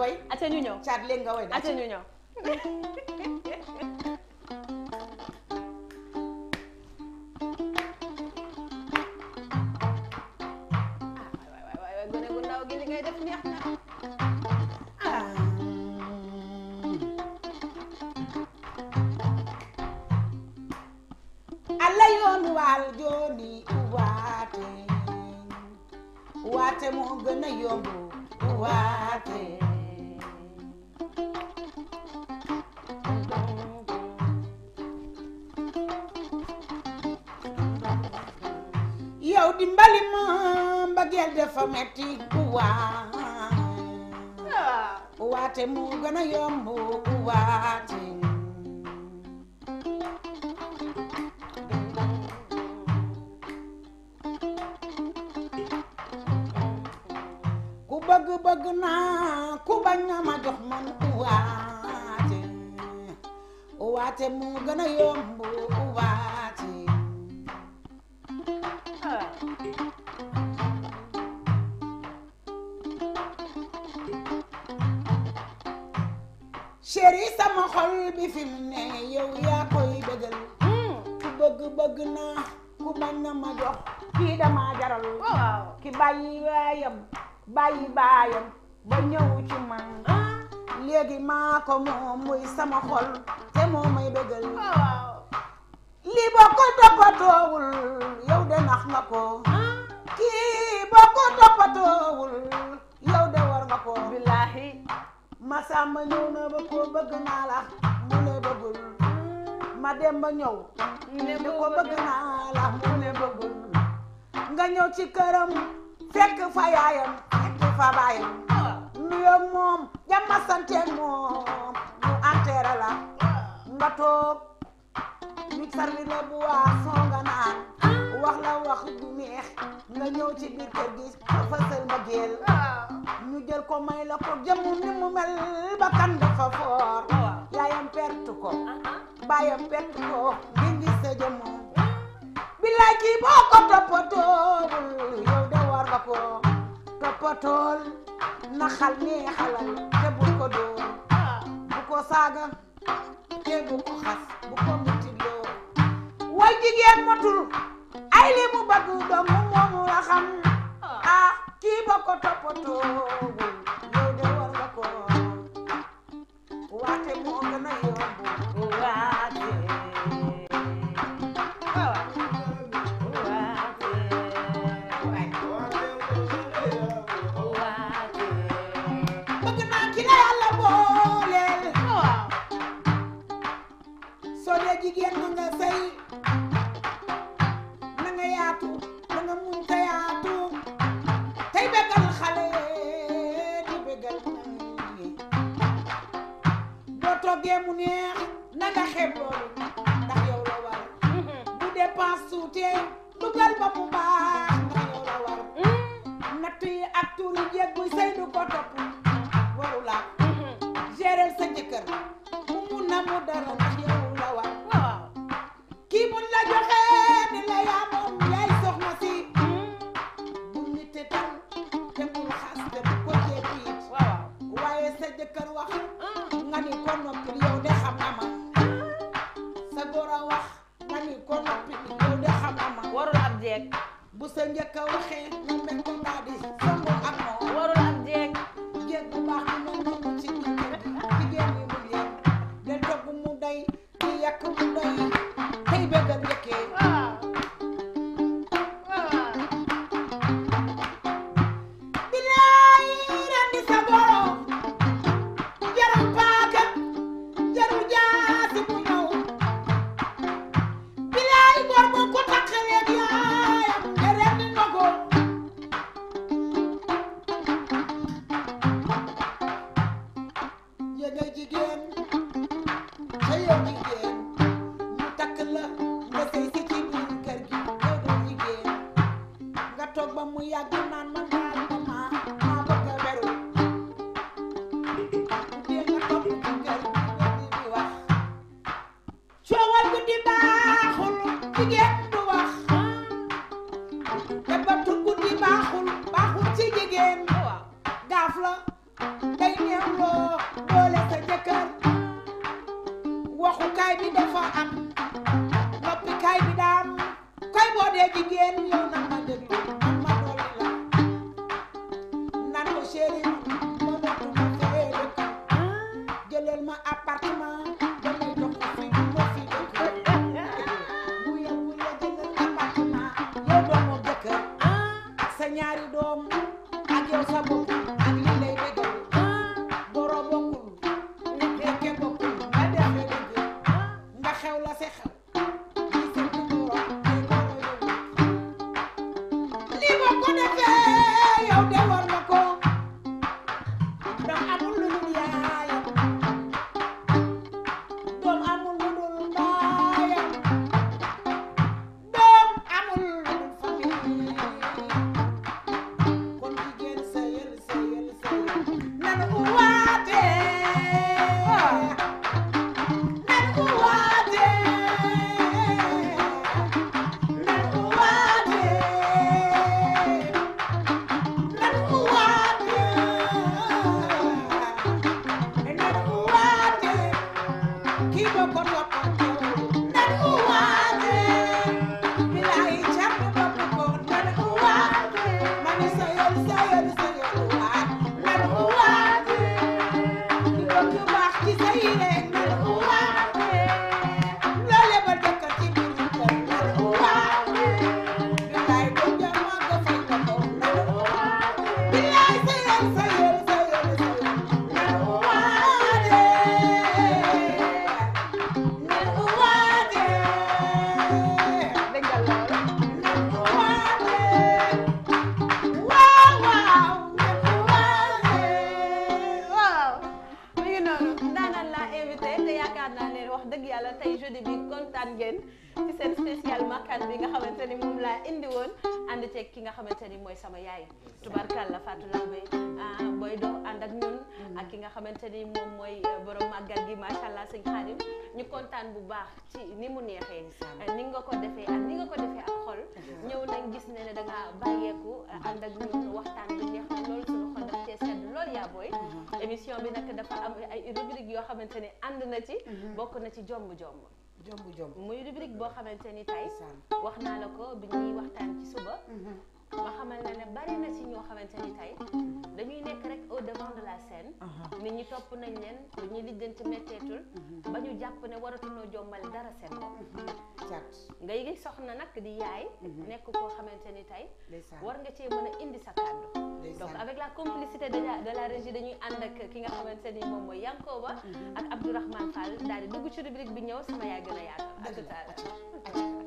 way. aca ñu ñëw caat léegi nga way. aca ñu ñëw. dimbali ma mbëggeel dafa metti ku waat ah. mu gën a yomb ku ku bëgg bëgg naa ku bañ na ma jox man ku waate mu gën a yomb ku chéri sama xol bi fi ne yow yaa koy bëggal hmm. ku bëgg bëgg naa ku bañ na ma jox kii dama jaral ki bàyyi baayam bàyyi baayam ba ñëw ci man ah. léegi maa ko moom muy sama xol te moo may bëggal li boo ko toppatoowul yow de nax nga ko ah. kii boo ko toppatoowul yow de war nga ko ma sàmba ñëw ba ko bëgg naa la mu ne bëggul ma dem ba ñëw ne ko bëgg naa la mu ne bëggul nga ñëw ci këram fekk fa yaayam fekk fa baayam ah. nuyoo moom jàmm santeen moom mu enterré la ah. nga toog ñu servi la boisson nga naan wax la wax neex nga ñëw ci biir kër gi fasal ma géel ñu jël ko may la ko jëm ni mu mel ba kan dafa foor yaayam pertu ko baayam pertu ko gindi sa jëm billaay kii boo ko toppatoowul yow de war nga ko toppatool naxal neexalal te bu ko dóor bu ko saaga te bu ko xas bu ko mutiloo way jigéen matul ay li mu bëgg doom mu moomu la xam ah kii ba ko toppatoo yow de war nga ko waate moo gën a yomb waaw waxukaay bi dafa am noppikaay bi daam koy boo jigéen yow na kontaan ngeen ci seen spécial makkaan bi nga xamante ni moom laa indi woon ànd ceeg ki nga xamante ni mooy sama yaay tubarkalla Fatou Laobé ah, booy doo ànd ak ñun ak ki nga xamante ni moom mooy eh, borom màggal gi macha allah sëñ ñu kontaan bu baax ci ni mu neexee eh, ni nga ko defee ak ni nga ko defee ak xol ñëw nañ gis ne ne da nga bàyyeeku eh, ànd ak ñun waxtaan bi neex na loolu yaa booy mm-hmm. émission bi nag dafa am ay rubrique yoo xamante ni ànd na ci mm-hmm. bokk na ci jomb jomb jomb jomb muy rubrique boo xamante ni tey wax naa la ko bi ñuy waxtaan ci suba mm-hmm. ma xamal na ne bari na si ñoo xamante ni tey dañuy nekk rek au devant de la scène nit ñi topp nañ leen lu ñuy lijjanti metteetul mhm. ba ñu jàpp ne waratuloo jombal dara seen bopp mhm. cat ngay gi soxna nag di yaay mhm. nekk koo xamante ni tey war nga cee mën indi sa kàddu donc avec la complicité de la de dañuy ànd ak ki nga xamante ni moom mooy Yankoba ak Abdourahmane Fall daal di dugg ci rubrique bi ñëw sama yàgg na a yaatal à tout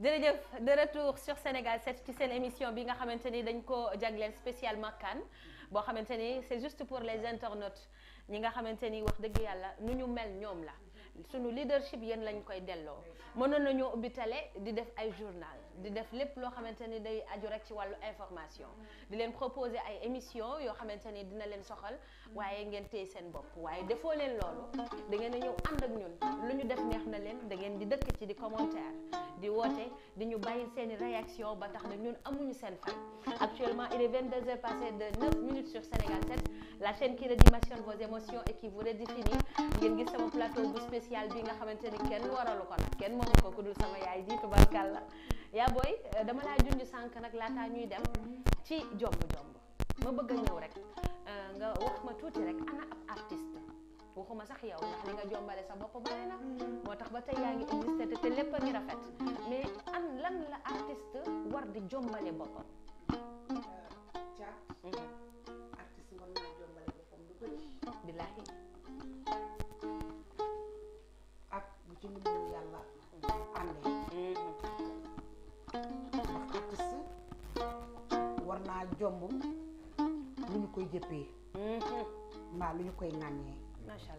jërëjëf de retour sur Sénégal 7 ci seen émission bi nga xamante ni dañ ko jagleel spécialement Kan boo xamante ni c'est juste pour les internautes ñi nga xamante ni wax dëgg yàlla nu ñu mel ñoom la suñu leadership yéen lañ koy delloo mënoon na ñoo télé di def ay journal di def lépp loo xamante ni day aju rek ci wàllu information mm. di leen proposer ay émission yoo xamante ni dina leen soxal waaye ngeen téye seen bopp waaye defoo leen loolu da ngeen a ñëw ànd ak ñun lu ñu def neex na leen da ngeen di dëkk ci di commentaire di woote di ñu bàyyi seen i réaction ba tax na ñun amuñu seen fan actuellement il est 22 heures passées de 9 minutes sur Sénégal 7 la chaîne qui redimensionne vos émotions et qui vous redéfinit ngeen gis sama plateau bi nga xamante ni kenn waralu ko kenn moomu ko dul sama yaay ji tubarkàlla yaa booy eh, dama laa junj sànq nag laataa ñuy dem ci jomb jomb ma bëgg a ñëw rek eh, nga wax ma tuuti rek ana ab artiste waxuma sax yow ndax li nga jombale sa bopp bare na moo tax ba tey yaa ngi existé te lépp a ngi rafet mais am lan la artiste war di jombale boppam jombum lu ñu koy jëppee mm-hmm. mbaa lu ñu koy ŋàññee macha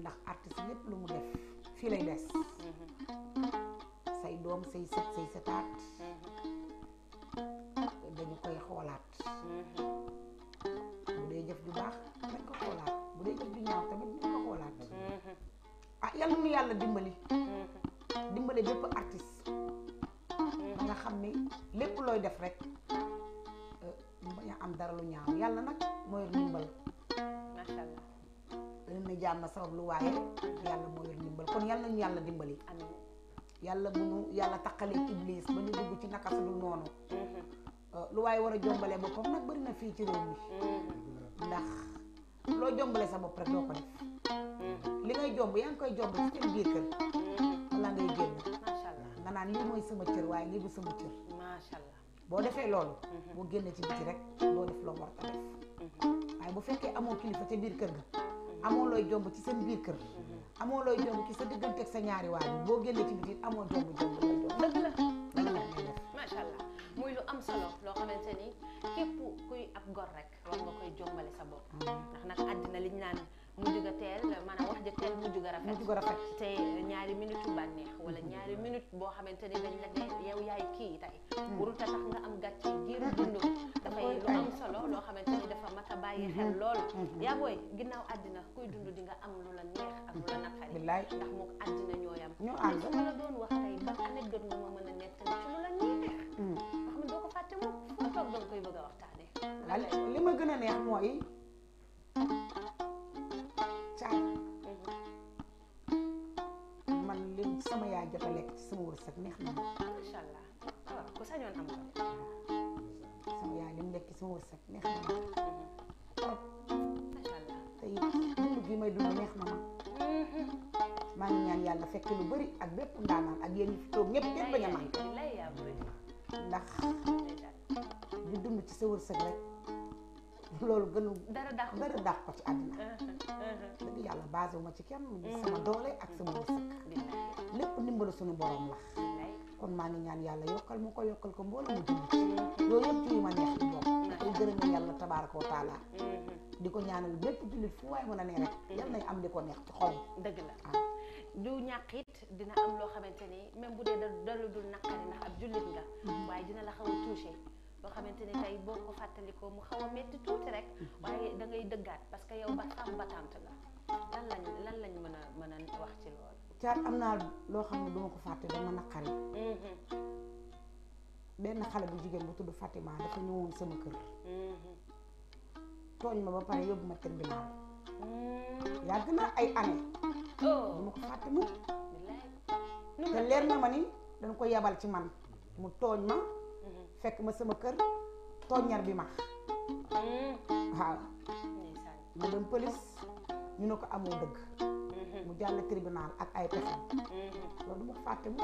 ndax artiste lépp lu mu def fii lay des mm-hmm. say doom say sët say sëtaat mm-hmm. dañu koy xoolaat bu dee jëf ju baax dañ ko xoolaat bu dee jëf ju ñaaw tamit dañ ko xoolaat ah yàlla nu yàlla dimbali dimbali bépp artiste ba xam ni lépp looy def rek am dara lu ñaaw yàlla nag moo yor ndimbal macha allah len na sabab lu waaye yàlla moo yor ndimbal kon yàlla nañu yàlla dimbali amiin yàlla bu yàlla taqalee iblis ba ñu dugg ci naka lu noonu mm-hmm. euh, lu waaye war a jombalee boppam nag bëri na fii ci réew mi mm-hmm. ndax loo jombale sa bopp rek doo ko def mm-hmm. li ngay jomb yaa ngi koy jomb ci seen biir kër wala ngay génn nga naan lii mooy sama cër waaye lii bu sama cër macha allah boo defee loolu boo mhm. génnee ci biti rek doo def loo war a def mhm. waaye bu fekkee amoo kilifa ca biir kër ga mhm. amoo looy jomb ci seen biir kër amoo looy jomb ci sa diggante ak sa ñaari waajur boo génnee ci biti amoo jomb jomb looy jomb dëgg la dëgg la macha allah muy lu am solo loo xamante ni képp kuy ab gor rek war nga koy jombale sa bopp mm-hmm. ndax nag àddina liñ naan mu juga teel maanaam wax ja teel mu juga rafet. mu juga rafet te ñaari minute bànneex wala ñaari minute boo xamante ne dañ la ne yow yaay kii tey. Hmm. warul tax nga am gàcce giiru hmm. dund. dafay lu am solo loo xamante ni dafa mat a bàyyi xel hmm. lool. yaa booy ginnaaw àddina kuy dund di nga am lu la neex ak lu la naqari. la doon wax tey ban anecdote nga ma mën a nettali ci lu la neex. nga xam ne doo ko fàtte moom foo toog a waxtaanee. li ma gën a neex li sama yaay jot a lekk ci sama neex na ma. macha allah waaw ah, ku sañoon am yaay li lekk ci sama wërsëg neex na ma. macha allah te dund neex na ma. Mm-hmm. maa ngi ñaan yàlla fekk lu bëri ak bépp ndaanaan ak ndax di dund ci sa wërsëg rek loolu gënul dara dàq ko ci àddina mm-hmm, mm-hmm. dëgg yàlla basé wu ma ci kenn sama doole ak sama wërsëg lépp ndimbalu suñu borom la kon maa ngi ñaan yàlla yokkal mu ko yokkal ko mbooloo mu jullit yooyu ma neex ci moom koy gërëm yàlla tabaaraka wa di ko ñaanal bépp jullit fu waaye mën a ne rek yal nay am di ko neex ci xol dëgg la du ñàkk it dina am loo xamante ni même bu dee dalu dul naqari ndax ab jullit nga waaye dina la xaw a touché loo xamante ni tey boo ko fàttalikoo mu xaw a metti tuuti rek waaye da ngay dëggaat parce que yow ba xam batante la lan lañ mën a mën a wax ci loolu caat am naa loo xam ne duma ko fàtte dama naqari mm-hmm. benn xale bu jigéen bu tudd Fatima dafa ñëwoon sama kër mm-hmm. tooñ ma ba pare yóbbu ma tribunal mm-hmm. yàgg na ay année oh. duma ko fàtte mu te leer na ma ni dañ ko yebal ci man mu tooñ ma fekk ma sama kër tooñar bi ma waaw ma dem police ñu ne ko amoo dëgg mu jàll tribunal ak ay pexe mm-hmm. loolu du ma fàtte mu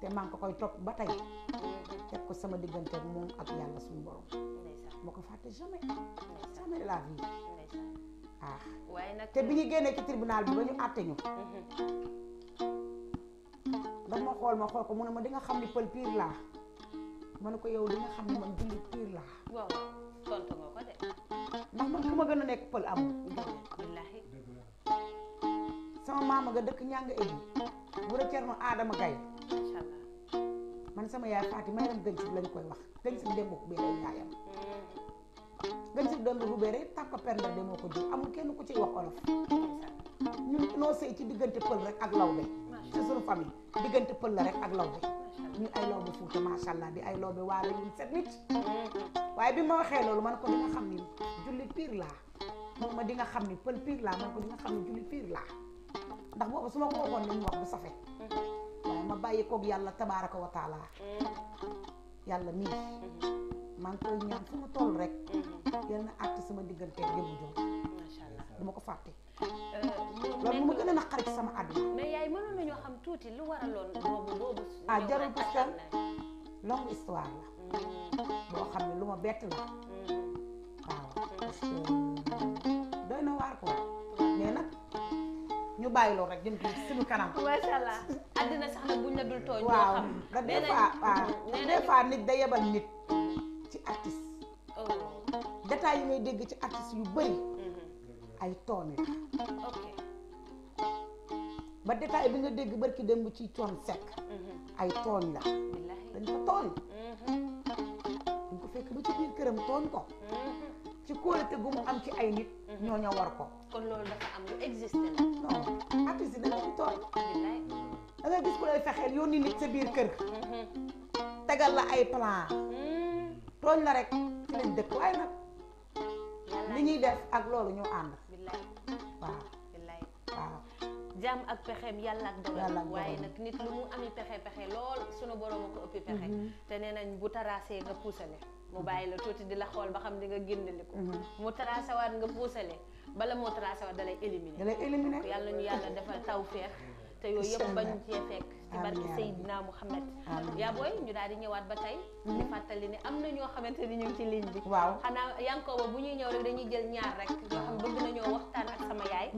te maa ko koy topp ba tey mm-hmm. teg ko sama diggante ak moom ak yàlla suñu borom ma ko fàtte jamais jamais de la vie ah waaye nag te bi ñu génnee ci tribunal bi ba ñu àtte ñu daf mm-hmm. ma xool ma xool ko mu ne ma di nga xam ni pël piir laa ma ne ko yow di nga xam ni man jullit piir laa waaw tontu ko ma gën a nekk pël amul sama maama nga dëkk ñanga égi bu a cerno aadama gay man sama yaay faati maram gën si lañ koy wax gën si dem ko béere yaayam gën si dem bu béere tàppa pernda demoo ko jur amul kenn ku ciy wax olof ñun noo sëy ci diggante pël rek ak lawbe ci suñu famille diggante la rek ak lawbe ñu ay lawbe fuuta macha allah di ay waa la ñun set nit hmm. waaye bi ma waxee loolu man ko di nga xam ni jullit piir laa moom ma di nga xam ni pël piir laa man ko di nga xam ni jullit piir laa ndax boobu su ma ko waxoon li ñu wax bu safee mm-hmm. ma bàyyi kook yàlla tabaaraka wa mm-hmm. yàlla mii mm-hmm. maa ngi koy fu ma toll rek yal na àtt sama digganteeg jëmu joom macha du ma ko fàtte euh, loolu mu ma gën a naqari sama àdduna mais xam tuuti lu waraloon boobu ah, boo xam ne lu ma bett la waaw parce que doy na waar ko mais nag ñu bàyyi loolu rek jëm suñu kanam. macha allah àddina sax nag buñ la dul tooñ. waaw da nit da yebal nit ci artiste. Oh. détails yi ngay dégg ci artiste yu bëri. Mm-hmm. ay toon ba détail bi nga dégg barki démb ci coon sekk. Mm-hmm. ay tooñ la. dañ ko tooñ. Mm-hmm. dañ ko fekk ba ci biir këram tooñ ko. ci kóolute gu mu am ci ay nit. Mm-hmm. ñoo ñoo war ko. kon loolu dafa am lu existé la. non artiste yi dañuy toll. da ngay gis ku lay fexeel yónni nit sa biir kër. Mm-hmm. tegal la ay plan. Mm. tooñ la rek ci lañ dëkk waaye nag. li ñuy def ak loolu ñu ànd. waaw waaw. jàmm ak pexeem yàlla ak dogal waaye nag nit lu mu ami pexe pexe lool sunu borom a ko ëppi pexe. Mm-hmm. te nee nañ bu taraasee nga puusale. mu bàyyi la tuuti di la xool ba xam di nga génnaliku mu tracé waat nga puusale bala moo tracé waat dalay éliminer dalay éliminer ñu yàlla defal taw feex te yooyu yëpp bañ cee fekk ci barke Seydina Mouhamed yaa booy ñu daal di ñëwaat ba tey di fàttali ne am na ñoo xamante ni ñu ngi ci ligne bi waaw xanaa yankoo ba bu ñuy ñëw rek dañuy jël ñaar rek ñoo xam bëgg nañoo waxtaan ak sama yaay